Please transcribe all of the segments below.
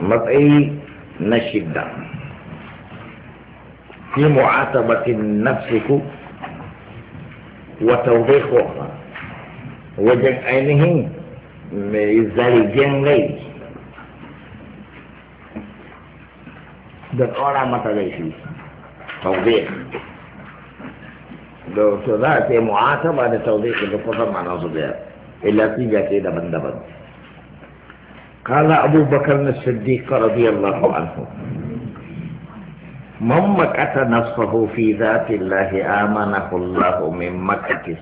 matsayi na shidda fi mu'atabatin nafsiku wa tawbihuha wajen ainihin mai zargin rai da tsora mata laifi tawbih da to za a ce mu'ataba da tawbih da kusan ma'ana su biyar illa siga ce daban-daban قال أبو بكر الصديق رضي الله عنه من مكت نفسه في ذات الله آمنه الله من مكته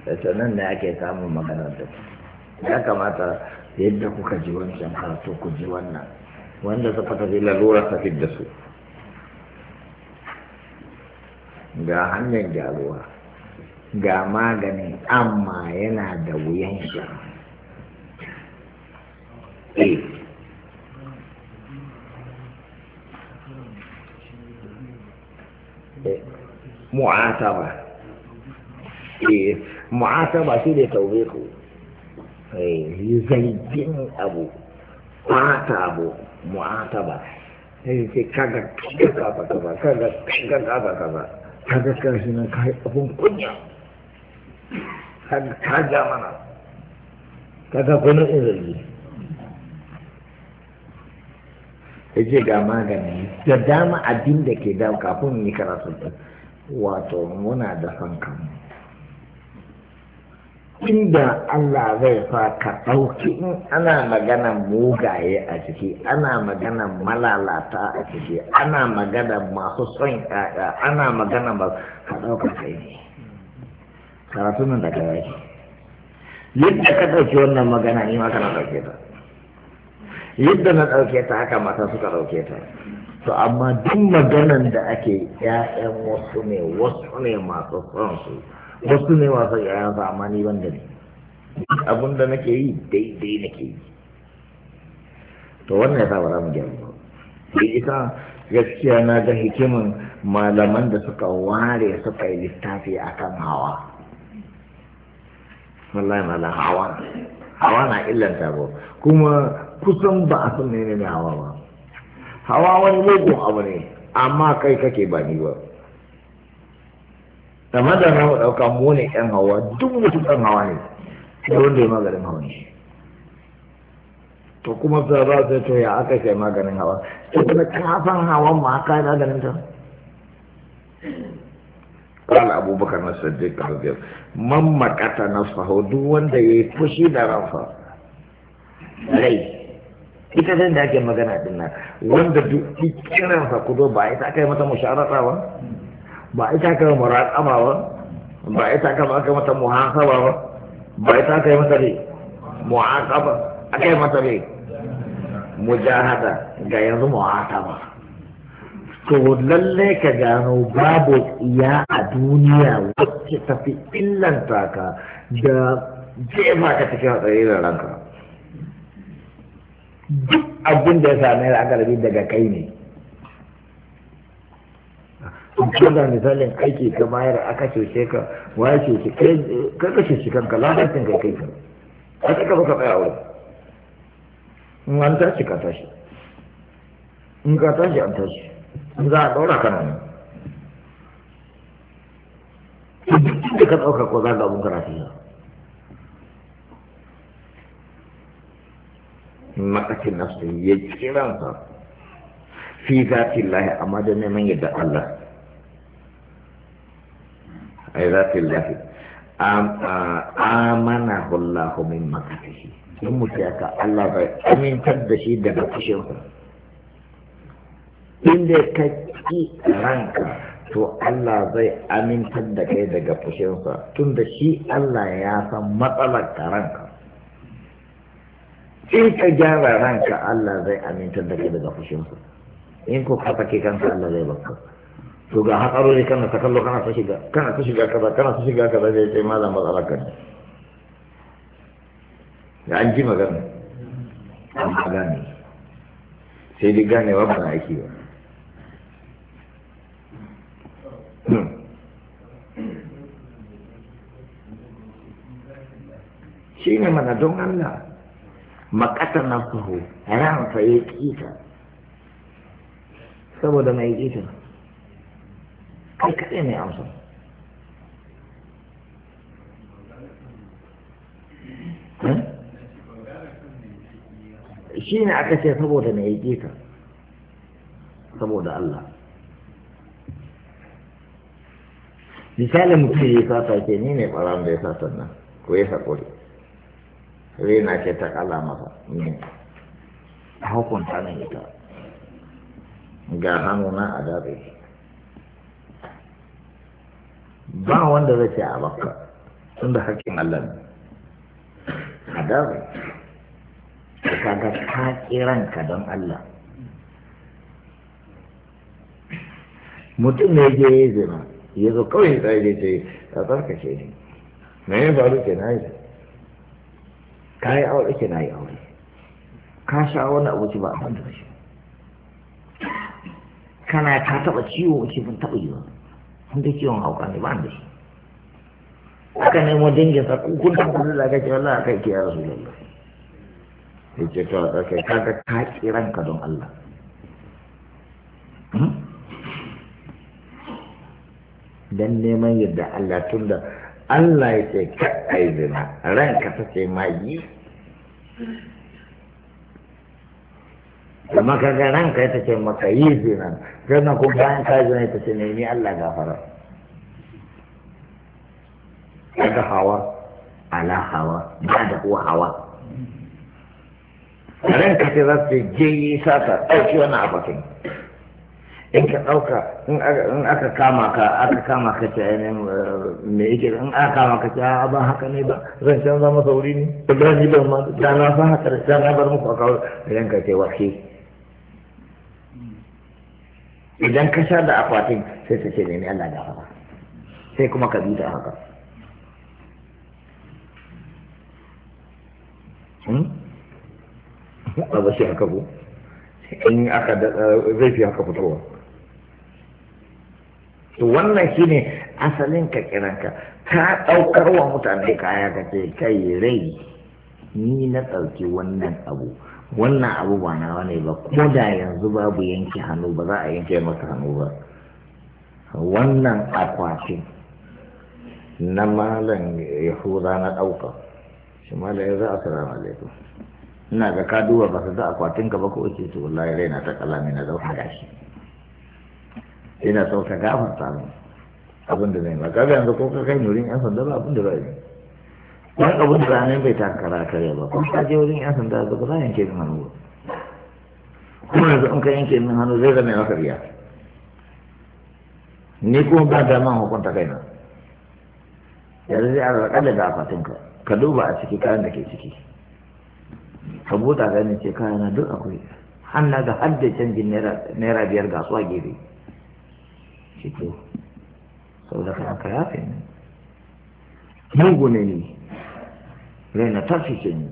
da ake samun da ya kamata yadda kuka ji wancan karatu ku ji wannan wanda suka tafi lalura tafi da su ga hanyar gyaruwa ga magani amma yana da wuyan sha Eh. Eh, mu'ataba eh mu'ataba shi ne tawbiku eh zaijin abu fata abu mu'ataba sai sai kaga kaga kaga kaga kaga kaga kaga kaga kaga shi nan kai abun kunya kaga kaga mana kaga gwanin zargi ya ce ga magani da dama abin da ke da kafin yi karatu wato muna da son kanmu inda Allah zai fa ka ɗauki in ana maganan mugaye a ciki ana maganan malalata a ciki ana maganan masu son ƙaƙa ana maganan ba ka ɗauka kai ne karatu nan daga yake yadda ka ɗauki wannan magana ni ma kana ɗauke ta yadda na ɗauke ta haka mata suka ɗauke ta to amma duk maganan da ake ƴaƴan wasu ne wasu ne masu son wasu ne masu ƴaƴan su amma ni banda ne abin da nake yi daidai nake yi to wannan ya sa ba mu gyaru ba ita gaskiya na ga hikimin malaman da suka ware suka yi littafi akan hawa wallahi malam hawa hawa na illanta ba kuma kusan ba a san ne hawa ba hawa wani mugun abu ne amma kai kake ba ni ba amma da na ɗauka mu ne ɗan hawa duk mutum ɗan hawa ne da wanda ya maganin hawa ne to kuma sai ba sai to ya aka sai maganin hawa to kuma ka san hawan ma ka yi maganin ta قال أبو بكر الصديق رضي الله من مكت نفسه دون ده يفشي درفه ليه ita zan da ake magana din nan wanda duk kiran sa kudo ba ita kai mata musharata ba ba ita kai muraqaba ba ba ita kai kai mata muhasaba ba ba ita kai mata ne muaqaba akai mata ne mujahada ga yanzu muhasaba to lalle ka gano babu ya a duniya wacce tafi illanta ka da jefa ka cikin hatsari da ranka duk abin da ya same da galibi daga kai ne da misalin aiki ka mayar aka cuce ka waye cuce ka ka cuce kanka lalacin kai kai a ka baka tsaya wani in an tashi ka tashi in ka tashi an tashi in za a ɗaura kana ne duk da ka ɗauka ko za ka abun karatu makacin nafsu ya kiransa fi zatin lahi amma da neman yadda Allah a yi zatin lahi amana hullahu min makatihi in mutu ya ka Allah bai amintar da shi daga fushinsa inda ka ki ranka to Allah zai amintar da kai daga fushinsa tun da shi Allah ya san matsalar ranka in ka gyara ranka Allah zai amintar da kai daga ku. in ko ka fake kanka Allah zai baka to ga hatsarori kana ta kallo kana ta shiga kana ta shiga kaza kana ta shiga kaza zai sai malam matsala kan da an ji magana an gane sai dai ganewa ba na aiki ba hmm. shi ne mana don Allah makasar na kuhu ransa ya kita saboda mai kita kai kaɗai mai amsa hmm? shi ne aka ce saboda mai kita saboda Allah misalin mutum ya sata ke ni ne ɓaran da ya sata na ko ya haƙuri rena ke ta kala masa hmm. ne a hukunta nan ita ga hannuna a daɗe ba wanda zai ce a baka tun da haƙƙin Allah ne a daɗe ka ga ka kiranka don Allah mutum ne je ya zina ya zo kawai ya tsaye ce ka tsarkake ne me ya faru ke na yi ka yi aure ke na yi aure ka sha wani abu ba a da shi kana ka taba ciwo ce ban taba yi ba wanda ciwon hauka ne ba da shi aka nemo dangin sa kun ta kudu da kake wallahi aka ke ya rasu lalla ya ce ta da kai kaga ka kiran ka don Allah hmm? dan neman yadda Allah tunda Allah ya ce kai ran ranka ta ce ma yi kuma ka ga ranka ta ce maka yi zina sannan kuma bayan ka zina ta ce nemi Allah gafara kaga hawa ala hawa ba da kuwa hawa ran ranka ta za su je yi sata ɗauki wani abakin in ka ɗauka in aka kama ka aka kama ka ce ainihin eh, me yake in aka kama ka ce a ban haka ne ba zan canza masa wuri ne ba za ni ban ma da na san haka da na bar muku a idan ka ce wahi idan ka sha da akwatin sai ta ce ne Allah da haka sai kuma ka bi da haka hmm? ba ba shi haka ko in aka eh, zai fi haka fitowa to wannan shine asalin ka kiranka ka ɗaukar wa mutane kaya ka ce kai rai ni na ɗauki wannan abu wannan abu ba nawa ne ba ko da yanzu babu yanke hannu ba za a yanke maka hannu ba wannan akwatin na malam yahuda na ɗauka shi malam ya za a salamu alaikum ina ga ka duba ba su da akwatin ka ba ko ce to wallahi na ta kalami na zauna gashi ina so ka gafarta min abin da zai ba kaga yanzu ko ka kai nurin yan sanda ba abin da ba yi dan abin da zai bai kara kare ba kuma ka je wurin yan sanda da ba za yanke min hannu kuma yanzu in ka yanke min hannu zai zama ya karya ni kuma ba dama hukunta kaina yanzu zai alaƙalla da akwatin ka ka duba a ciki kayan da ke ciki ka buɗa ganin ce kayana duk akwai hannu ga hadda canjin naira biyar ga su a gefe gitu to sau da kanka ya fi ne mugu ne ni raina tafi ce ne,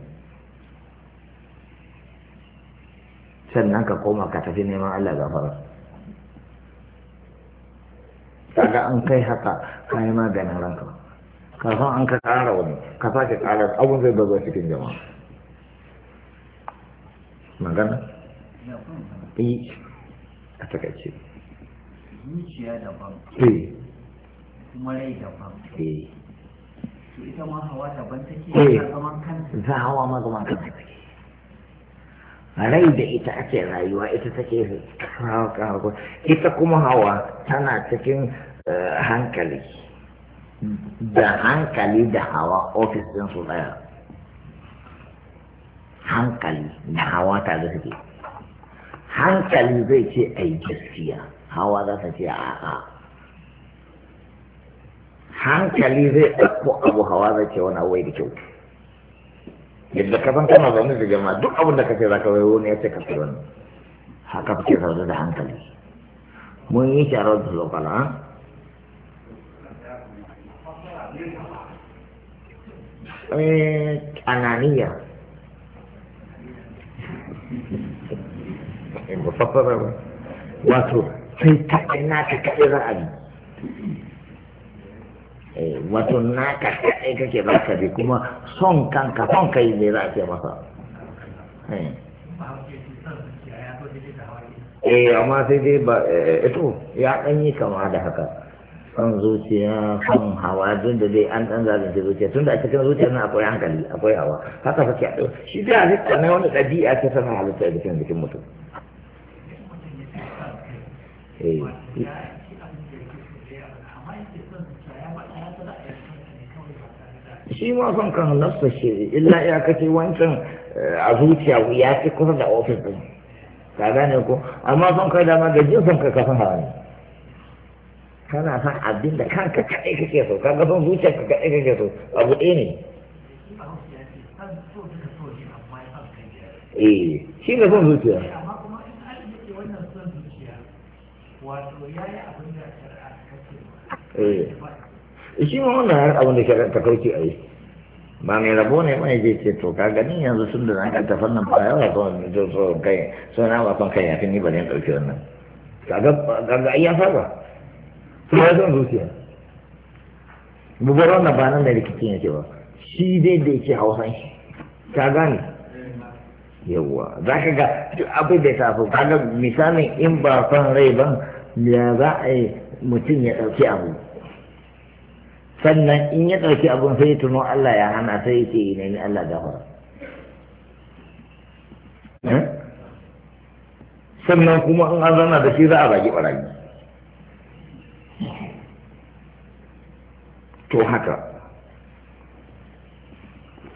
sannan ka koma ka tafi neman Allah gafara kaga an kai haka ka yi maganin ranka ka san an ka kara wani ka sake kara abun zai bazo cikin jama'a magana? eh a takaice zuciya daban eh. kuma rai daban eh. to ita ma hawa daban take eh. zaman kanta ta hawa ma kanta take rai da ita ake rayuwa ita take ita kuma hawa tana cikin hankali da hankali da hawa ofis din su daya hankali da hawa tare suke hankali zai ce a yi gaskiya hawa za ta ce a'a hankali zai ɗauko abu hawa zai ce wani abuwai da kyau yadda ka san kana zaune da jama'a duk abin da kake zaka wai ne ya ce ka wani haka kake zaune da hankali mun yi sharar da lokala eh, ananiya in ba fassara ba wato sai kaɗai naka kaɗai za a bi eh, wato naka kaɗai kake za ka bi kuma son kanka son kai ne za a ce masa eh, eh amma sai dai ba ito eh, ya ɗan yi kama da haka son zuciya son hawa duk da dai an ɗan zalunta zuciya tun da a cikin zuciya na akwai hankali akwai hawa haka fa ke shi dai a halitta na wani ɗabi'a ta sana halitta a jikin jikin mutum shi ma son kan halasta shi illa ya kace wancan eh, a zuciya ya fi kusa da ofis din ka gane ko amma son kai dama da jin son kai ka san harami kana san abin da kanka kaɗai kake so kaga son zuciya ka kaɗai kake so abu ɗaya ne eh shi ne son zuciya wato ya yi abin da shari'a ta kace ba shi ma wannan abin da shari'a kauce a yi ba mai rabo ne mai je ce to ka gani yanzu sun da zan kanta fannin ba yawa ko ne to so kai so na ba kan kai ya ni ba ne dauke wannan kaga kaga ai ya saba to ya san zuciya bubar wannan ba nan da rikici ne ce ba shi dai da yake hausan shi ka gani yawa za ka ga abin da ta tafi kaga misalin in ba fan rai ban ya za a yi mutum ya ɗauki abu sannan in ya ɗauki abin sai tuno Allah ya hana sai ya ce nemi Allah gafara eh? sannan kuma in an zana da shi za a zagi barayi to haka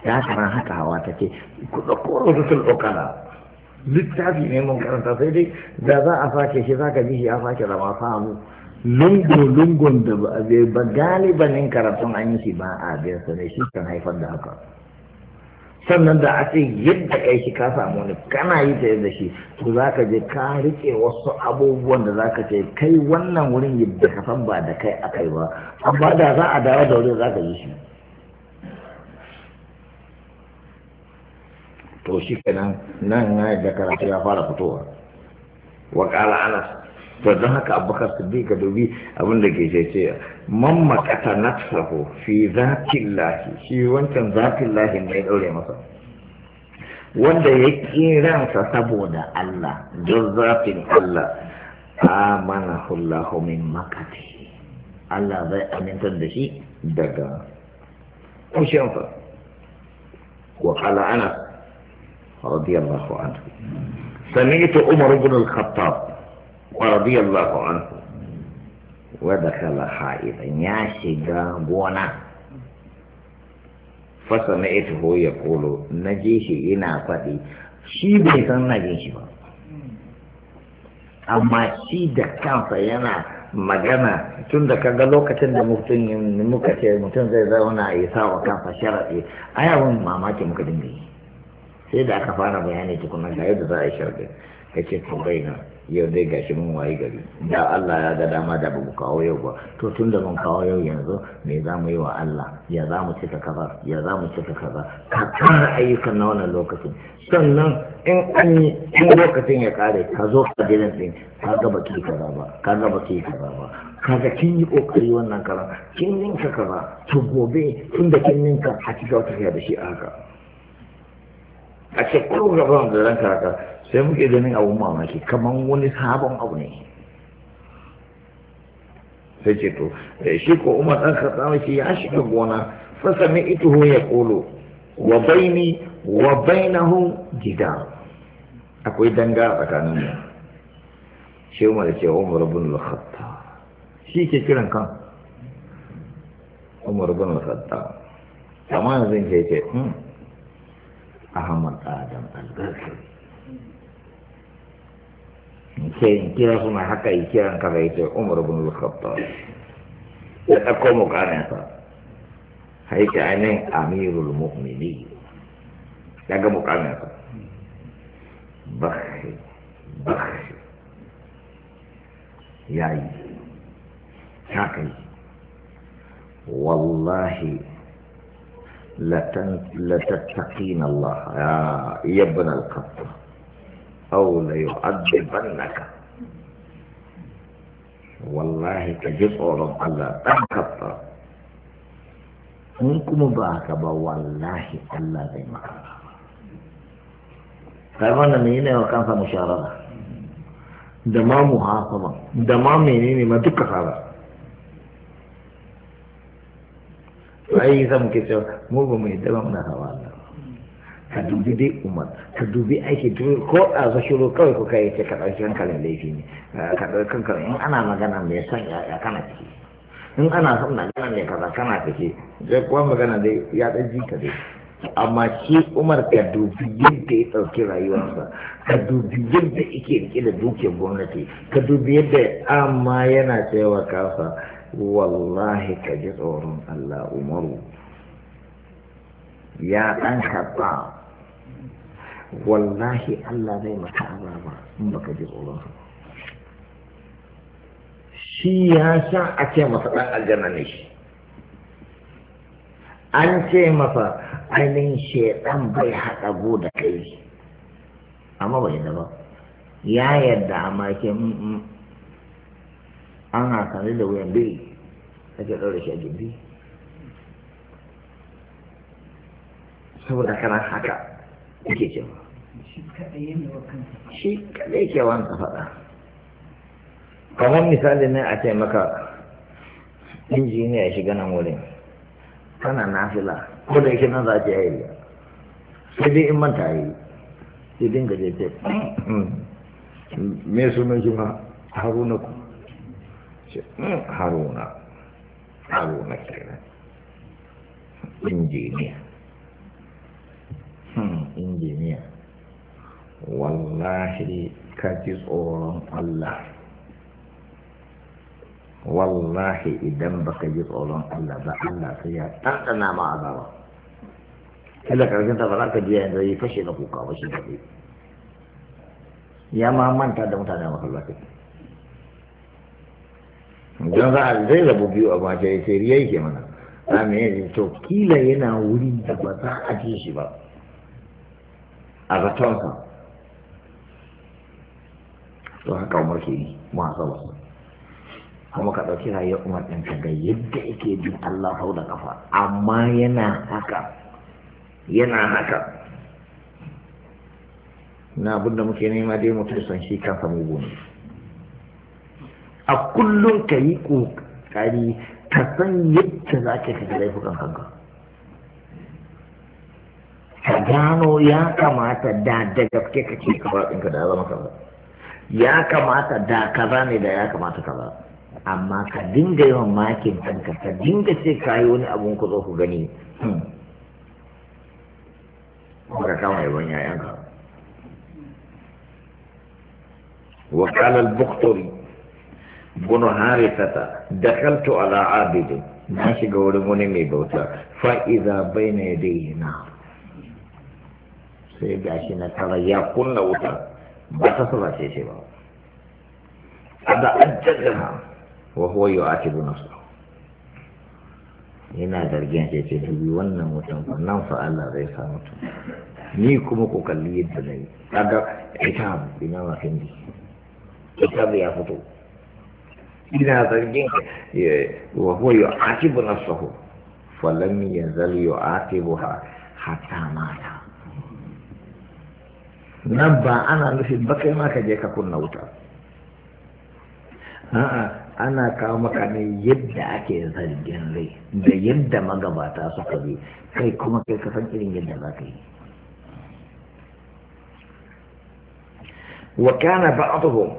ya kana haka hawa ta ce ku ɗauko rahoton ɗaukana littafi ne mun karanta sai dai da za a sake shi za ka ji shi ya sake zama samu lungo-lungon da ba a zai ba galibanin karatun an yi shi ba a biyar su ne shi kan haifar da haka sannan da a ce yadda kai shi ka samu ne kana yi ta yadda shi to za ka je ka rike wasu abubuwan da za ka ce kai wannan wurin yadda ka san ba da kai akai ba amma da za a dawo da wurin za ka yi shi to shi kenan nan ya da karatu ya fara fitowa wa ƙala anas to don haka abubakar siddiq ka dubi abin da ke ce man makata nafsahu fi zatin lahi shi wancan zatin lahi mai daure masa wanda ya kiransa saboda Allah don zafin Allah amana hullahu min makati Allah zai amintar da shi daga kushinsa wa kala ana radiyallahu anhu sami ita umar ibn al-khattab ورضي الله عنه ودخل حائطا ياشق بونا فسمعته يقول نجيه إنا فدي شي بيسان shi با amma shi da kansa yana magana tun da kaga lokacin da muka ce mutum zai zauna ya sa wa kansa sharaɗi ai mamaki muka dinga yi sai da aka fara bayani tukuna ga yadda za a yi sharaɗi ya to bai na yau dai gashi mun wayi gari da Allah ya ga dama da bamu kawo yau ba to tun da mun kawo yau yanzu me za mu yi wa Allah ya za mu cika kaza ya za mu cika kaza ka kara ayyukan na wannan lokacin sannan in an yi in lokacin ya kare ka zo ka gidan din ka ga baki kaza ba ka ga baki kaza ba ga kin yi kokari wannan karan kin ninka kaza to gobe tun da kin ninka a cika wata da shi a haka a cikin gaban da ranka haka sai muke ganin abun mamaki kamar wani sabon abu ne sai ce to eh, shi ko umar ɗan kasa shi ya shiga gona fasa mai hu ya kolo wa baini wa bainahu gida akwai danga tsakanin mu shi umar ce umar bin al-khattab shi ke kiran kan umar bin al-khattab amma yanzu ke ce hamar hmm, adam al-ghazali sai kira suna haka yi kiran kaza ya ce umar bin lukabta ya ɗauko mukaminsa haika ainihin amirul mu'mini daga mukaminsa bakhi bakhi ya yi haka yi wallahi latattakin Allah ya ibn al-khattab أو ليؤذبنك والله تجد أورب على تنكبت منكم باك والله ألا ذيما كيف أن مين وكان فمشاردة دما محافظة دمامي مينين ما دكا خالا أي زمكي سوى مو بمهدبا من خوالا ka dubi dai umar ka dubi aiki ko a zashiro kawai ko kai ce ka ɗauki hankalin laifi ne ka ɗauki hankalin in ana magana mai son ya kana ciki in ana son magana mai kaza kana ciki zai kuwa magana dai ya ɗan ka dai amma shi umar ka dubi yadda ya ɗauki rayuwarsa ka dubi yadda yake rike da dukiyar gwamnati ka dubi yadda amma yana cewa kasa wallahi ka ji tsoron allah umaru ya ɗan karɓa wallahi Allah zai maka azaba in baka ji tsoron sa shi ya sha a ce masa dan aljanna ne shi an ce masa ainihin shaidan bai haɗa go da kai amma bai da ba ya yadda amma ke mm, mm. an hakari da wuyan biri ake ɗaure shi a gindi saboda kana haka yake cewa shi kaɗai ke wanka faɗa kamar misali ne a taimaka maka injiniya shiga nan wurin kana nafila ko da yake nan za ta yi sai dai in manta yi sai dinga je ce hmm, hmm, me sunan shi ma haruna ku hmm, haruna haruna kenan injiniya hmm jami'a wallahi ka ji tsoron Allah wallahi idan baka ji tsoron Allah ba Allah sai ya tantana ma azaba kada karshen ta ba za ka ji yanzu yi fashe na kuka ba shi kaɗai ya ma manta da mutane lafi don za a zai rabu biyu a mace sai riya yake mana a me to kila yana wuri da ba za a ji shi ba a zatonsa to haka umar ke yi muhasabarsa kuma ka ɗauki rayuwar umar ɗin ka ga yadda yake bin Allah hau da kafa amma yana haka yana haka na abin da muke nema dai mutum san shi kansa mugu ne a kullum ka yi ƙoƙari ka san yadda za ka kaga laifukan kanka gano ya kamata da da gaske ka kaza ɗinka da ya zama kaza ya kamata da kaza ne da ya kamata kaza amma ka dinga yawan makin kanka ka dinga ce ka yi wani abun ku zo ku gani hmm. ka kama yawan ka wa qala al-bukhari bunu harithata dakhaltu ala abidin na shiga wurin wani mai bauta fa iza bayna yadayhi na sai ga shi na tara ya kunna wuta ba ta saba ce ce ba ada ajjaha wa huwa yu'atibu su yana zargin sai ce dubi wannan mutum nan fa Allah zai sa mutum ni kuma ku kalli yadda na yi kaga ita ina ma kandi ita ya fito ina zargin eh, wa huwa yu'atibu nafsahu falam yazal yu'atibuha hatta mata nan ba ana nufin ba kai ma ka je ka kunna wuta a'a ana kawo maka ne yadda ake zargin rai da yadda magabata suka bi kai kuma kai ka san irin yadda za ka yi wa kana ba'dhum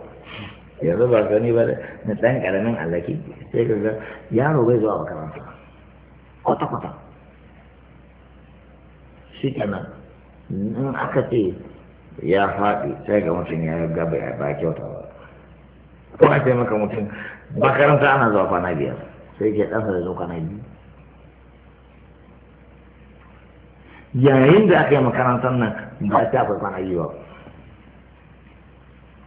yanzu ba gani ba na dan karamin alaki sai ka ga yaro bai zuwa makaranta kwata kwata shi kenan in aka ce ya faɗi sai ga mutum ya gaba ya ba kyauta ba ko a sai maka mutum makaranta ana zuwa kwana biyar sai ke ɗansa da zo kwana biyu yayin da aka yi makarantar nan ba ta fi kwana biyu ba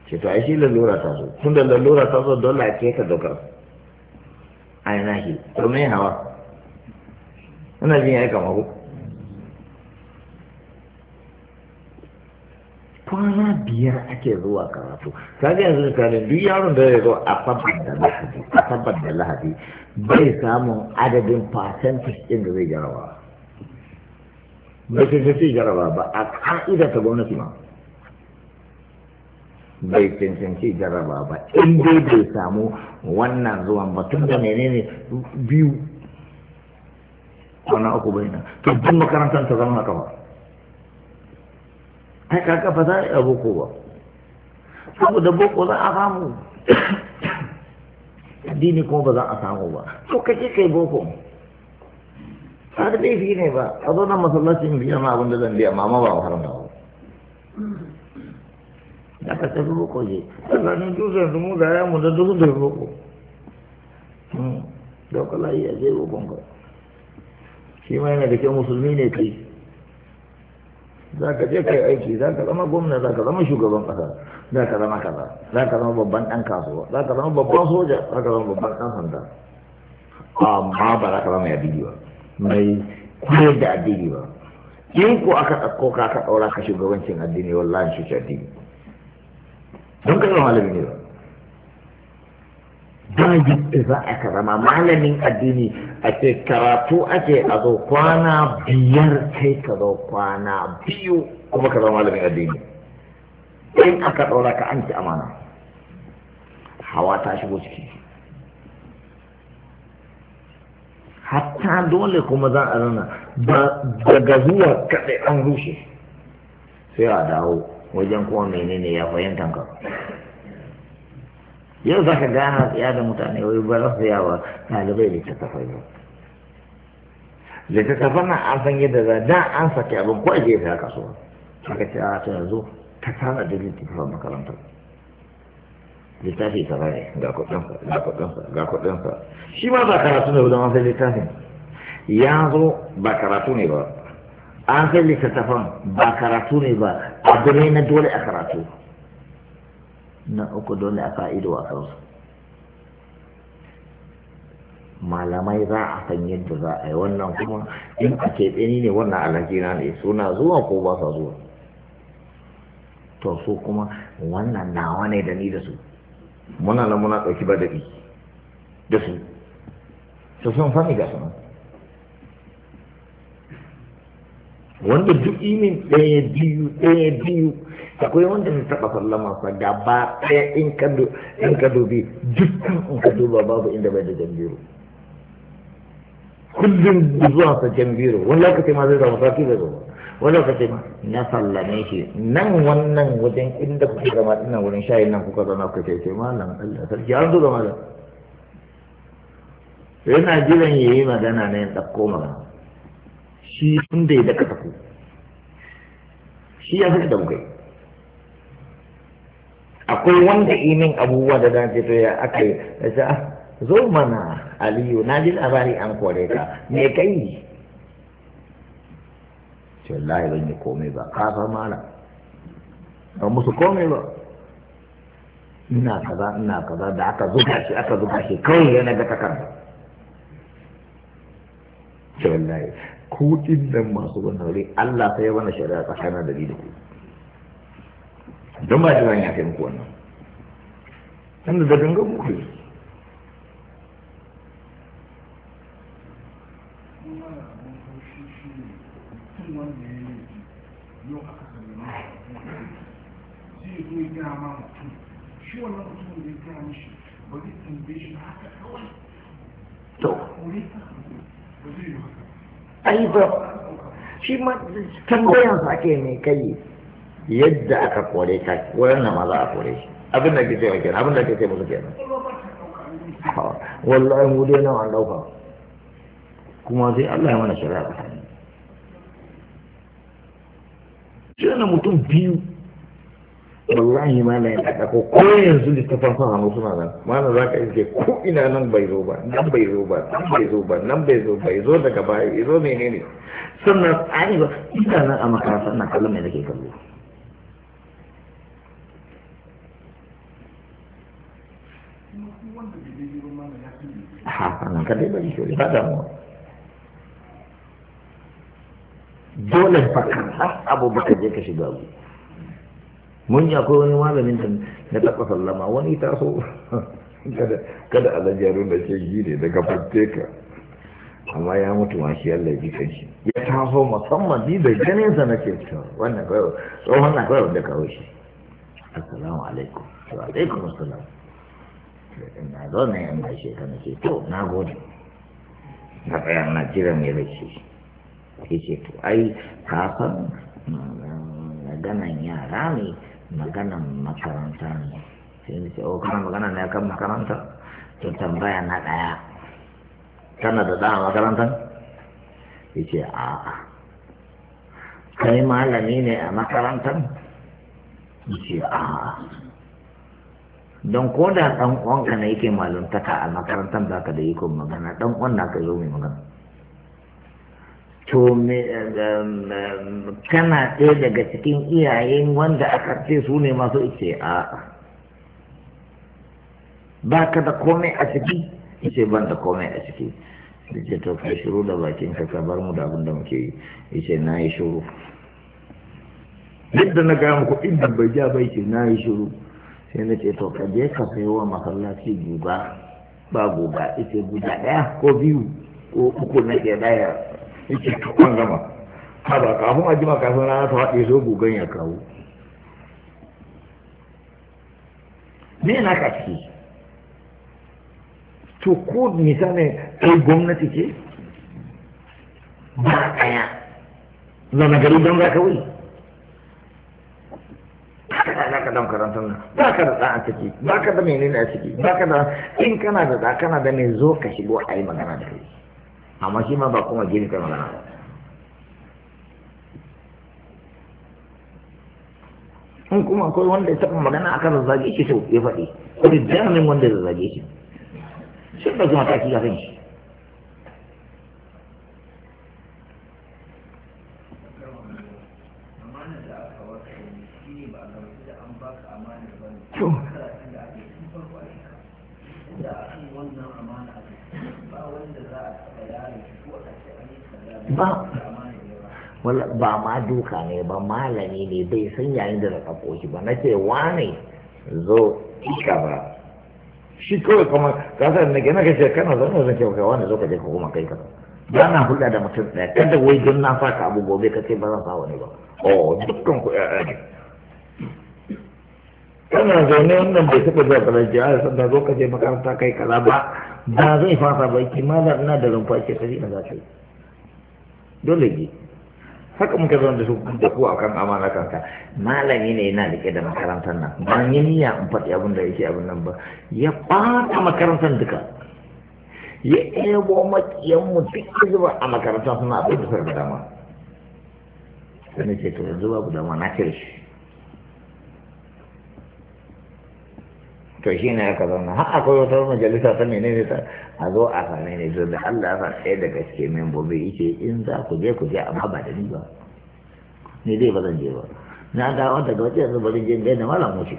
ce to ai shi lalura ta zo tun da lalura ta zo dole a ce ka dokar a yi nahi to me hawa ina jin ya yi kamar kwana biyar ake zuwa karatu kaga yanzu kanin duk yaron da ya zo a sabar da lahadi a sabar da lahadi bai samun adadin percentage din da zai jarawa bai cancanci sai jarawa ba a ka'ida ta gwamnati ma bai cancanci jaraba ba in dai bai samu wannan zuwan ba tun da menene biyu kwana uku bai nan to duk makarantar ta zama kafa ai kaka ba za a yi boko ba saboda boko za a samu addini kuma ba za a samu ba to kake kai boko har laifi ne ba a zo nan masallacin biyan ma abin da zan biya ma ba har ba da ka tafi boko je tsakanin dusar su mu da ya mu da duk da boko hmm. da kala iya zai bokon shi ma yana da kyau musulmi ne kai za ka je kai aiki za ka zama gwamna za ka zama shugaban ƙasa za ka zama kaza za ka zama babban ɗan kasuwa za ka zama babban soja za ka zama babban ɗan sanda amma ba za ka zama ya bidi ba mai kuma da addini ba in ko aka ɗauko ka aka ɗaura ka shugabancin addini wallahi shi addini don ka zama malami ne ba ba yadda za a ka zama malamin addini a ce karatu ake a zo kwana biyar kai ka zo kwana biyu kuma ka zama malamin addini in aka ɗaura ka an ci amana hawa ta shigo ciki hatta dole kuma za a rana daga zuwa kaɗai an rushe sai a dawo wajen kuma menene ya fahimta ka yau za ka gana tsaya da mutane wai ba za su yawa ɗalibai da ta tafai ba littattafan nan an san yadda za da an saki abin ko ake ta kasuwa aka ce a ta yanzu ka tara da littattafan makarantar littafi kaza ne ga kudinsa ga kudinsa ga kudinsa shi ma ba karatu ne wajen wasan littafi ya zo ba karatu ne ba an sai littattafan ba karatu ne ba abu ne na dole a karatu na uku dole a fa'ido a kansu malamai za a san yadda za a yi wannan kuma in a keɓeni ne wannan na ne suna zuwa ko ba sa zuwa to su kuma wannan nawa ne da ni da su muna nan muna ɗauki ba daɗi da su su sun sani ga su wanda duk imin ɗaya biyu ɗaya biyu akwai wanda su taɓa sallama sa gaba ɗaya in ka dubi dukkan in ka duba babu inda bai da jambiru kullum zuwa sa jan biro wani lokaci ma zai zama sati zai zama wani lokaci ma na sallame shi nan wannan wajen inda kuke zama ina wurin shayin nan kuka zama kuka ce nan Allah sarki an zo zama da yana jiran ya yi magana na yin ɗauko magana shi tun da ya daka tafi shi ya fi da mukai akwai wanda imin abubuwa da dace to ya aka yi da zo mana aliyu na ji labari an kore ka me kai ce wallahi ban yi komai ba kafa mala ba musu komai ba ina kaza ina kaza da aka zuba shi aka zuba shi kawai yana ga takarda ce wallahi kudin nan masu wannan wuri Allah sai wani shari'a tsakanin da ni da ku don ba shi ya yafe muku wannan tunda da dangan muku yi to shi ma ake ne kai yadda aka kore ka wurin nan ma a kore shi abin da ke cewa abin da ke ce kenan wallahi mu dai nawa an kuma sai Allah ya mana shari'a tsakani shi na mutum biyu wallahi ma na yadda ko ko yanzu littafin son hannu suna nan ma za ka iske ko ina nan bai zo ba nan bai zo ba nan bai zo ba nan bai zo bai zo daga baya ya zo menene sannan ai ba ina nan a makarantar na kallon mai nake kallo ha nan kadai ba shi ba damuwa dole fa ka abu baka je ka shiga abu mun yi akwai wani malamin da na taɓa sallama wani so? kada a lajiyar da ce ne daga ka amma ya mutu ma shi Allah ji kan shi ya taso musamman ni da ganin sa nake fita wannan kawai tsohon na kawai da kawai shi assalamu alaikum to alaikum assalam na zo na yan gaishe ka nake to na gode na tsaya na jira mai rashi sai ce to ai kafan maganan yara ne maganan makaranta ne sai ni ce o oh, kana magana ne kan makaranta to tambaya na ɗaya kana da da makaranta sai ce a'a kai malami ne a makarantar ya ce a'a don ko da ɗan uwanka ne yake maluntaka a makarantar da ka da ikon magana ɗan uwan na ka zo mai magana to kana ɗaya daga cikin iyayen wanda aka ce su ne masu ice a ba ka da komai a ciki ice ban da komai a ciki da ce to kai shiru da bakin ka ka bar mu da abin da muke yi ice na yi shiru yadda na gaya muku inda bai ja bai ce na yi shiru sai na ce to ka je ka sai wa masallaci guga ba guga ice guda ɗaya ko biyu ko uku na ke ɗaya yake kan gama ha ba kafin a jima kafin rana ta haɗe zo gugan ya kawo me na ka ciki to ko misali kai gwamnati ce ba ɗaya zama gari don za kawai ba ka da karantar nan ba ka da ɗan a ciki ba ka da menene a ciki ba ka da in kana da ɗa kana da mai zo ka shigo a yi magana da kai amma shi ma ba kuma gini kai magana ba in kuma akwai wanda ya taɓa magana akan zazzage shi to ya faɗi ko da jamin wanda ya zazzage shi sun ɗauki mataki a kan shi ba ma duka ne ba malami ne bai san yayin da na tsafo shi ba na ce wa ne zo ika ba shi kawai kuma kamar kasar na gina kace kana zaune zan ce kai wani zo ka je ka kuma kai ka ba na hulɗa da mutum ɗaya kada wai don na saka abu gobe ka ce ba zan sa wani ba o oh, dukkan ku ƴaƴa ne kana zaune wannan bai taɓa zuwa kalaji a sanda zo ka je makaranta kai kaza ba ba zai fasa ba ki ma na da rumfa ce ka zina za ka yi dole ne haka muka zama da su da ku akan amana kanka malami ne yana ke da makarantar nan ba ni niyya in faɗi abin da yake abin nan ba ya ɓata makarantar duka ya ɗebo maƙiyanmu duk zuba a makarantar suna abin da suka dama sai ce to yanzu babu dama na kire shi to shi ne aka zauna har akwai wata majalisa ta menene ta a zo a same ne zo da Allah ya ɗaya daga cikin membobi yake in za ku je ku je amma ba da ni ba ni dai ba zan je ba na ga wata ga wata yanzu ba zan je ga da malam mushi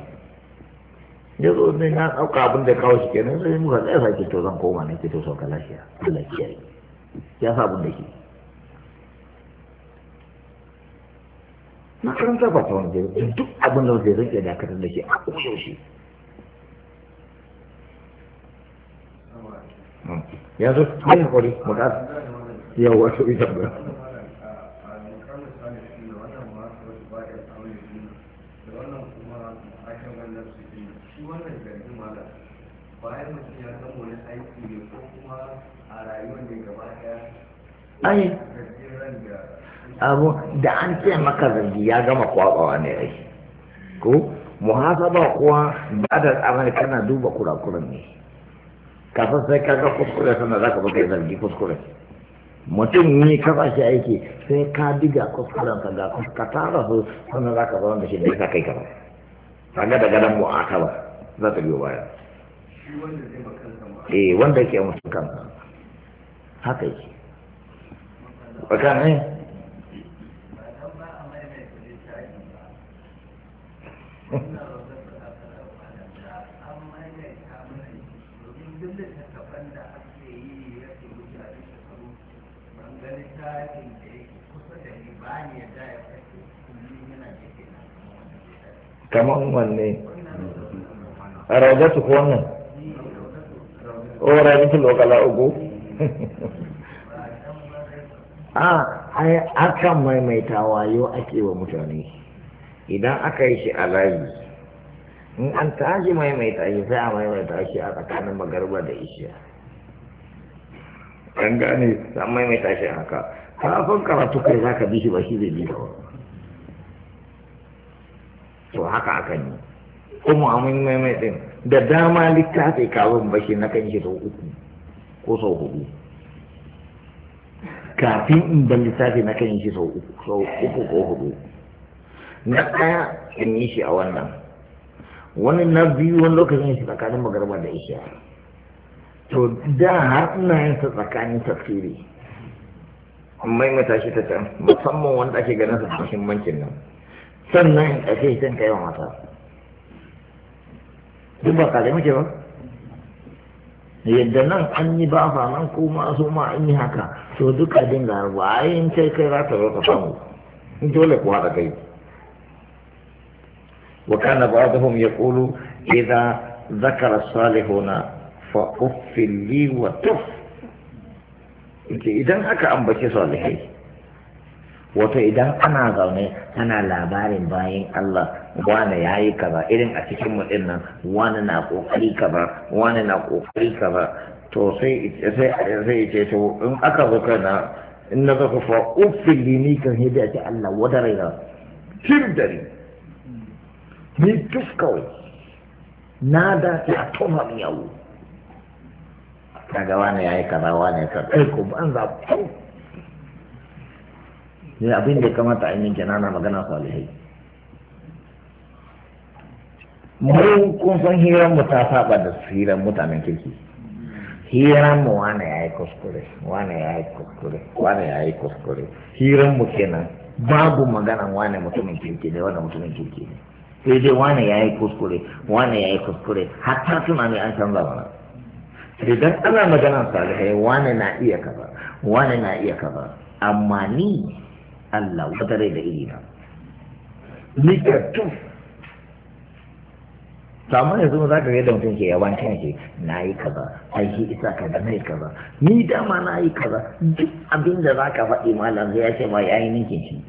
ya zo ne na ɗauka abin da kawo shi kenan sai muka tsaya sake to zan koma ne ke to sauka lafiya Allah ya sa abin da ke makaranta ba ta wani duk abin da ya zan iya dakatar da shi a koyaushe yanzu mai yau ita ba ai abu da an ce maka zargi ya gama kwabawa ne ai ko muhasaba kuwa ba da tsamani kana duba kurakuran ne kafin sai kaga kuskure sana za ka baka zargi kuskure mutum ne ka ba shi aiki sai ka diga kuskuren ka ga ka tara su sannan za ka zama da shi da ka kai ka ba kaga daga nan ba za ta biyo baya eh wanda ke musu kansa haka yake bakan ne kaman wanne a raujatu ko wannan o rayuwar lokala ugu a ah, akan maimaita wayo ake wa mutane idan aka yi shi a layi in an tashi maimaita shi sai a maimaita shi a tsakanin magarba da ishiya an gane an maimaita shi haka kafin karatu kai zaka bi shi ba shi zai bi ba to haka akan yi kuma mun maimai din da dama littafi kafin bashi na kan shi sau uku ko sau hudu kafin in ban littafi na kan shi sau uku ko hudu na ɗaya in yi shi a wannan wani na biyu wani lokacin shi tsakanin magarba da isha to da har ina yin sa tsakanin tafsiri maimaita shi ta can musamman wanda ake ganin sa muhimmancin nan sannan a ɗauke shi kai wa mata duk ba kare muke ba yadda nan an yi ba fa nan kuma su ma an yi haka to duka dinga yi in kai kai za ta zo ka samu in dole kuwa da kai وكان بعضهم يقول إذا ذكر الصالحون فأف لي وتف إذا أكا أنبتي صالحي wato idan ana zaune ana labarin bayan Allah wane ya yi kaza irin a cikin mu nan wane na kokari kaza wane na kokari kaza to sai sai ce to in aka zo kana in na zaka fa uffin ni kan hidi Allah, ce rai wadare ya hirdari ni tuskawai na da ta toma miyawu kaga wane ya yi kaza wane ka kai ko ban za ne abin da kamata a yi kenan na magana salihai mu kun san hiran mu ta saba da hiran mutanen kirki hiran mu wane ya yi kuskure wane ya yi kuskure wane ya yi kuskure hiran mu kenan babu magana wane mutumin kirki ne wane mutumin kirki ne sai dai wane ya yi kuskure wane ya yi kuskure hatta tunani an canza mana idan ana magana salihai wane na iya kaza wane na iya kaza amma ni Allah wata rai da irina likattu samu ne sun za ka yadda mutum ke yawan kan ke na yi kaza aiki isa kaza na yi kaza ni dama na yi kaza duk abin da za ka faɗi malam zai ya ce ma yayi ninkin shi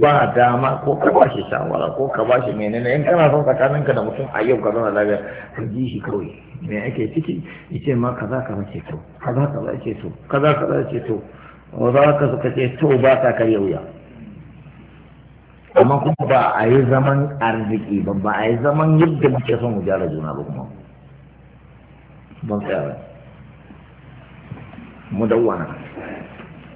ba dama ko ka ba shi shawara ko ka ba shi menene in kana son tsakaninka da mutum a yau ka zauna lafiya ka ji shi kawai me ake ciki ya ce ma kaza kaza ce to kaza kaza ce to kaza kaza ce to za ka suka ce to ba ka karya wuya amma kuma ba a yi zaman arziki ba ba a yi zaman yadda muke son mu gyara juna ba kuma ban tsaya ba mu dawwana